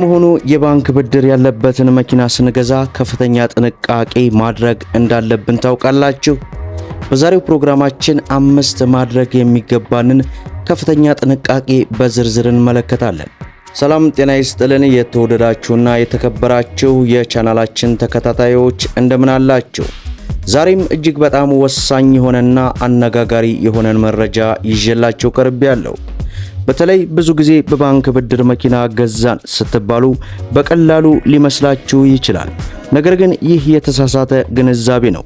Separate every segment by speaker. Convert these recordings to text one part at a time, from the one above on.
Speaker 1: በመሆኑ የባንክ ብድር ያለበትን መኪና ስንገዛ ከፍተኛ ጥንቃቄ ማድረግ እንዳለብን ታውቃላችሁ። በዛሬው ፕሮግራማችን አምስት ማድረግ የሚገባንን ከፍተኛ ጥንቃቄ በዝርዝር እንመለከታለን። ሰላም ጤና ይስጥልን። የተወደዳችሁና የተከበራችሁ የቻናላችን ተከታታዮች እንደምን አላችሁ? ዛሬም እጅግ በጣም ወሳኝ የሆነና አነጋጋሪ የሆነን መረጃ ይዤላችሁ ቀርቤ ያለው በተለይ ብዙ ጊዜ በባንክ ብድር መኪና ገዛን ስትባሉ በቀላሉ ሊመስላችሁ ይችላል። ነገር ግን ይህ የተሳሳተ ግንዛቤ ነው።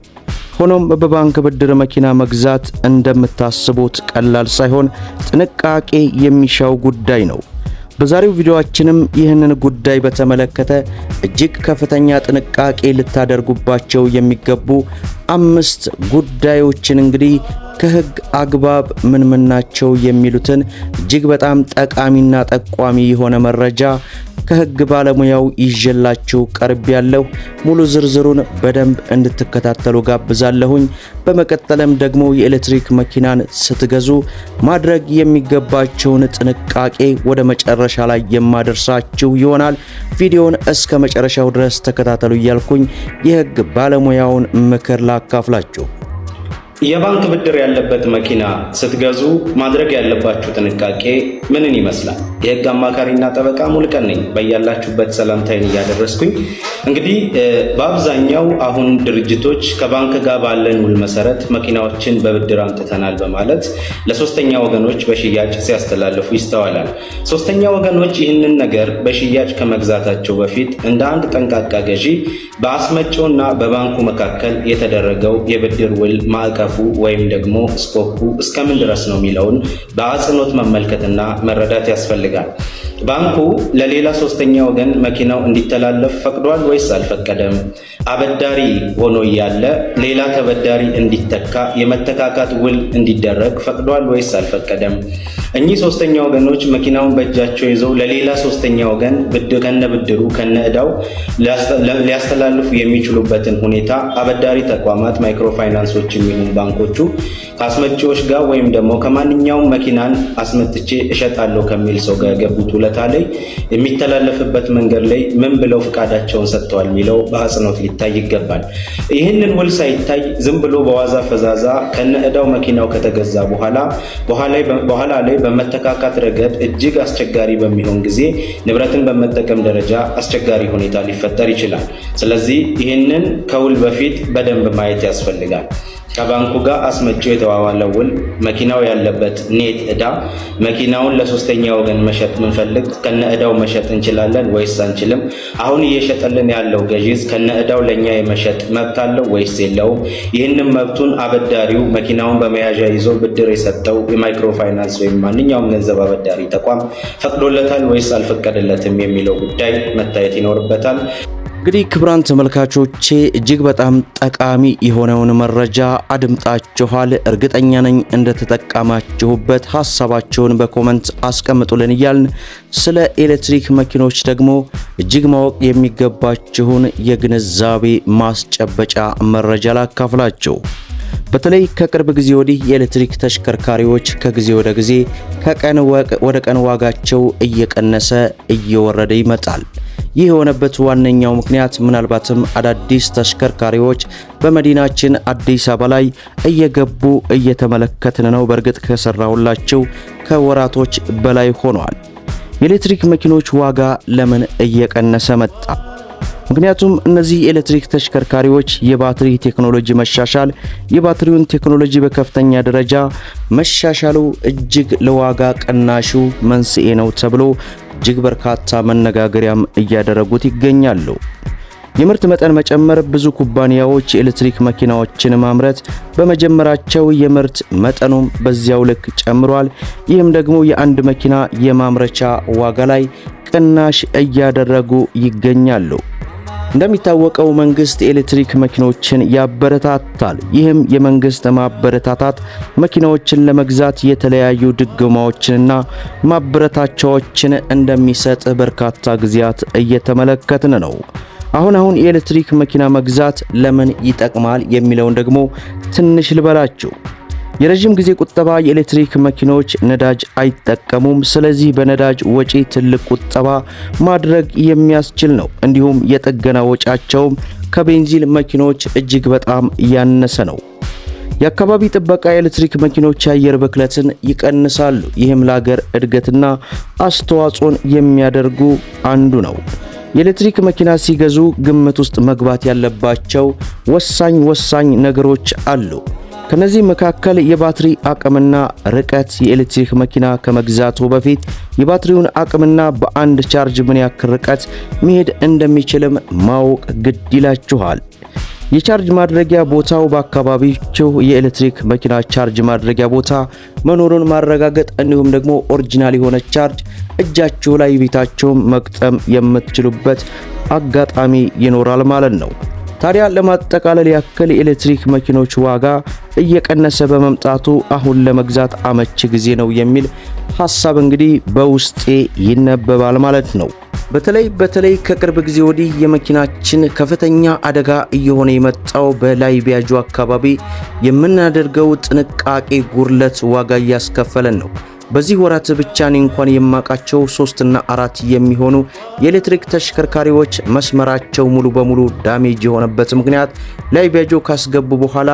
Speaker 1: ሆኖም በባንክ ብድር መኪና መግዛት እንደምታስቡት ቀላል ሳይሆን ጥንቃቄ የሚሻው ጉዳይ ነው። በዛሬው ቪዲዮአችንም ይህንን ጉዳይ በተመለከተ እጅግ ከፍተኛ ጥንቃቄ ልታደርጉባቸው የሚገቡ አምስት ጉዳዮችን እንግዲህ ከህግ አግባብ ምን ምን ናቸው የሚሉትን እጅግ በጣም ጠቃሚና ጠቋሚ የሆነ መረጃ ከህግ ባለሙያው ይዤላችሁ ቀርብ ያለው ሙሉ ዝርዝሩን በደንብ እንድትከታተሉ ጋብዛለሁኝ። በመቀጠልም ደግሞ የኤሌክትሪክ መኪናን ስትገዙ ማድረግ የሚገባቸውን ጥንቃቄ ወደ መጨረሻ ላይ የማደርሳችሁ ይሆናል። ቪዲዮውን እስከ መጨረሻው ድረስ ተከታተሉ እያልኩኝ የህግ ባለሙያውን ምክር ላካፍላችሁ።
Speaker 2: የባንክ ብድር ያለበት መኪና ስትገዙ ማድረግ ያለባችሁ ጥንቃቄ ምንን ይመስላል? የህግ አማካሪና ጠበቃ ሙልቀን ነኝ። በያላችሁበት ሰላምታይን እያደረስኩኝ እንግዲህ በአብዛኛው አሁን ድርጅቶች ከባንክ ጋር ባለን ውል መሰረት መኪናዎችን በብድር አምጥተናል በማለት ለሶስተኛ ወገኖች በሽያጭ ሲያስተላልፉ ይስተዋላል። ሶስተኛ ወገኖች ይህንን ነገር በሽያጭ ከመግዛታቸው በፊት እንደ አንድ ጠንቃቃ ገዢ በአስመጪውና በባንኩ መካከል የተደረገው የብድር ውል ማዕቀፍ ግራፉ ወይም ደግሞ ስኮፑ እስከምን ድረስ ነው የሚለውን በአጽንኦት መመልከትና መረዳት ያስፈልጋል። ባንኩ ለሌላ ሶስተኛ ወገን መኪናው እንዲተላለፍ ፈቅዷል ወይስ አልፈቀደም? አበዳሪ ሆኖ እያለ ሌላ ተበዳሪ እንዲተካ የመተካካት ውል እንዲደረግ ፈቅዷል ወይስ አልፈቀደም? እኚህ ሶስተኛ ወገኖች መኪናውን በእጃቸው ይዘው ለሌላ ሶስተኛ ወገን ከነ ብድሩ ከነ እዳው ሊያስተላልፉ የሚችሉበትን ሁኔታ አበዳሪ ተቋማት ማይክሮፋይናንሶች የሚሆኑ ባንኮቹ ከአስመጪዎች ጋር ወይም ደግሞ ከማንኛውም መኪናን አስመጥቼ እሸጣለሁ ከሚል ሰው ጋር የገቡት ሁለት ቦታ ላይ የሚተላለፍበት መንገድ ላይ ምን ብለው ፈቃዳቸውን ሰጥተዋል የሚለው በአጽንኦት ሊታይ ይገባል። ይህንን ውል ሳይታይ ዝም ብሎ በዋዛ ፈዛዛ ከነ ዕዳው መኪናው ከተገዛ በኋላ በኋላ ላይ በመተካካት ረገድ እጅግ አስቸጋሪ በሚሆን ጊዜ ንብረትን በመጠቀም ደረጃ አስቸጋሪ ሁኔታ ሊፈጠር ይችላል። ስለዚህ ይህንን ከውል በፊት በደንብ ማየት ያስፈልጋል። ከባንኩ ጋር አስመጪው የተዋዋለው ውል፣ መኪናው ያለበት ኔት ዕዳ፣ መኪናውን ለሶስተኛ ወገን መሸጥ ምንፈልግ ከነ ዕዳው መሸጥ እንችላለን ወይስ አንችልም? አሁን እየሸጠልን ያለው ገዢስ ከነ ዕዳው ለእኛ የመሸጥ መብት አለው ወይስ የለውም? ይህንም መብቱን አበዳሪው መኪናውን በመያዣ ይዞ ብድር የሰጠው የማይክሮ ፋይናንስ ወይም ማንኛውም ገንዘብ አበዳሪ ተቋም ፈቅዶለታል ወይስ አልፈቀደለትም የሚለው ጉዳይ መታየት ይኖርበታል።
Speaker 1: እንግዲህ ክብራን ተመልካቾቼ እጅግ በጣም ጠቃሚ የሆነውን መረጃ አድምጣችኋል። እርግጠኛ ነኝ እንደተጠቀማችሁበት። ሀሳባችሁን በኮመንት አስቀምጡልን እያልን ስለ ኤሌክትሪክ መኪኖች ደግሞ እጅግ ማወቅ የሚገባችሁን የግንዛቤ ማስጨበጫ መረጃ ላካፍላችሁ። በተለይ ከቅርብ ጊዜ ወዲህ የኤሌክትሪክ ተሽከርካሪዎች ከጊዜ ወደ ጊዜ ከቀን ወደ ቀን ዋጋቸው እየቀነሰ እየወረደ ይመጣል። ይህ የሆነበት ዋነኛው ምክንያት ምናልባትም አዳዲስ ተሽከርካሪዎች በመዲናችን አዲስ አበባ ላይ እየገቡ እየተመለከትን ነው። በእርግጥ ከሰራሁላቸው ከወራቶች በላይ ሆኗል። የኤሌክትሪክ መኪኖች ዋጋ ለምን እየቀነሰ መጣ? ምክንያቱም እነዚህ የኤሌክትሪክ ተሽከርካሪዎች የባትሪ ቴክኖሎጂ መሻሻል የባትሪውን ቴክኖሎጂ በከፍተኛ ደረጃ መሻሻሉ እጅግ ለዋጋ ቅናሹ መንስኤ ነው ተብሎ እጅግ በርካታ መነጋገሪያም እያደረጉት ይገኛሉ። የምርት መጠን መጨመር ብዙ ኩባንያዎች የኤሌክትሪክ መኪናዎችን ማምረት በመጀመራቸው የምርት መጠኑም በዚያው ልክ ጨምሯል። ይህም ደግሞ የአንድ መኪና የማምረቻ ዋጋ ላይ ቅናሽ እያደረጉ ይገኛሉ። እንደሚታወቀው መንግስት የኤሌክትሪክ መኪኖችን ያበረታታል። ይህም የመንግስት ማበረታታት መኪናዎችን ለመግዛት የተለያዩ ድግማዎችንና ማበረታቻዎችን እንደሚሰጥ በርካታ ጊዜያት እየተመለከትን ነው። አሁን አሁን የኤሌክትሪክ መኪና መግዛት ለምን ይጠቅማል የሚለውን ደግሞ ትንሽ ልበላችሁ። የረዥም ጊዜ ቁጠባ የኤሌክትሪክ መኪኖች ነዳጅ አይጠቀሙም። ስለዚህ በነዳጅ ወጪ ትልቅ ቁጠባ ማድረግ የሚያስችል ነው። እንዲሁም የጥገና ወጪያቸውም ከቤንዚን መኪኖች እጅግ በጣም ያነሰ ነው። የአካባቢ ጥበቃ የኤሌክትሪክ መኪኖች የአየር ብክለትን ይቀንሳሉ። ይህም ለሀገር እድገትና አስተዋጽኦን የሚያደርጉ አንዱ ነው። የኤሌክትሪክ መኪና ሲገዙ ግምት ውስጥ መግባት ያለባቸው ወሳኝ ወሳኝ ነገሮች አሉ። ከነዚህ መካከል የባትሪ አቅምና ርቀት፣ የኤሌክትሪክ መኪና ከመግዛቱ በፊት የባትሪውን አቅምና በአንድ ቻርጅ ምን ያክል ርቀት መሄድ እንደሚችልም ማወቅ ግድ ይላችኋል። የቻርጅ ማድረጊያ ቦታው በአካባቢችሁ የኤሌክትሪክ መኪና ቻርጅ ማድረጊያ ቦታ መኖሩን ማረጋገጥ እንዲሁም ደግሞ ኦሪጂናል የሆነ ቻርጅ እጃችሁ ላይ ቤታችሁም መቅጠም የምትችሉበት አጋጣሚ ይኖራል ማለት ነው። ታዲያ ለማጠቃለል ያክል የኤሌክትሪክ መኪኖች ዋጋ እየቀነሰ በመምጣቱ አሁን ለመግዛት አመቺ ጊዜ ነው የሚል ሀሳብ እንግዲህ በውስጤ ይነበባል ማለት ነው። በተለይ በተለይ ከቅርብ ጊዜ ወዲህ የመኪናችን ከፍተኛ አደጋ እየሆነ የመጣው በላይ ቢያጆ አካባቢ የምናደርገው ጥንቃቄ ጉድለት ዋጋ እያስከፈለን ነው። በዚህ ወራት ብቻ እኔ እንኳን የማውቃቸው ሶስትና አራት የሚሆኑ የኤሌክትሪክ ተሽከርካሪዎች መስመራቸው ሙሉ በሙሉ ዳሜጅ የሆነበት ምክንያት ላይ ቢያጆ ካስገቡ በኋላ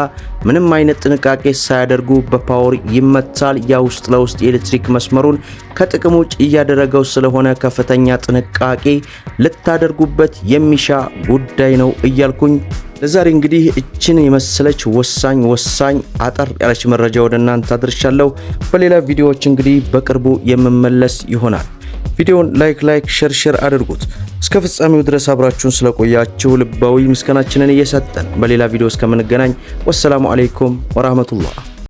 Speaker 1: ምንም አይነት ጥንቃቄ ሳያደርጉ በፓወር ይመታል። ያ ውስጥ ለውስጥ የኤሌክትሪክ መስመሩን ከጥቅም ውጭ እያደረገው ስለሆነ ከፍተኛ ጥንቃቄ ልታደርጉበት የሚሻ ጉዳይ ነው እያልኩኝ ለዛሬ እንግዲህ እችን የመሰለች ወሳኝ ወሳኝ አጠር ያለች መረጃ ወደ እናንተ አድርሻለሁ። በሌላ ቪዲዮዎች እንግዲህ በቅርቡ የምመለስ ይሆናል። ቪዲዮውን ላይክ ላይክ ሼር ሼር አድርጉት። እስከ ፍጻሜው ድረስ አብራችሁን ስለቆያችሁ ልባዊ ምስጋናችንን እየሰጠን በሌላ ቪዲዮ እስከምንገናኝ ወሰላሙ አሌይኩም ወራህመቱላህ